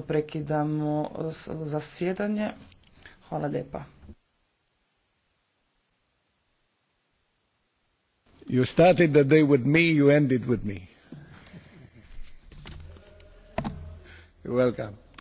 prekidamo zasjedanje. Hvala lijepa. You started the day with me, you ended with me. You're welcome.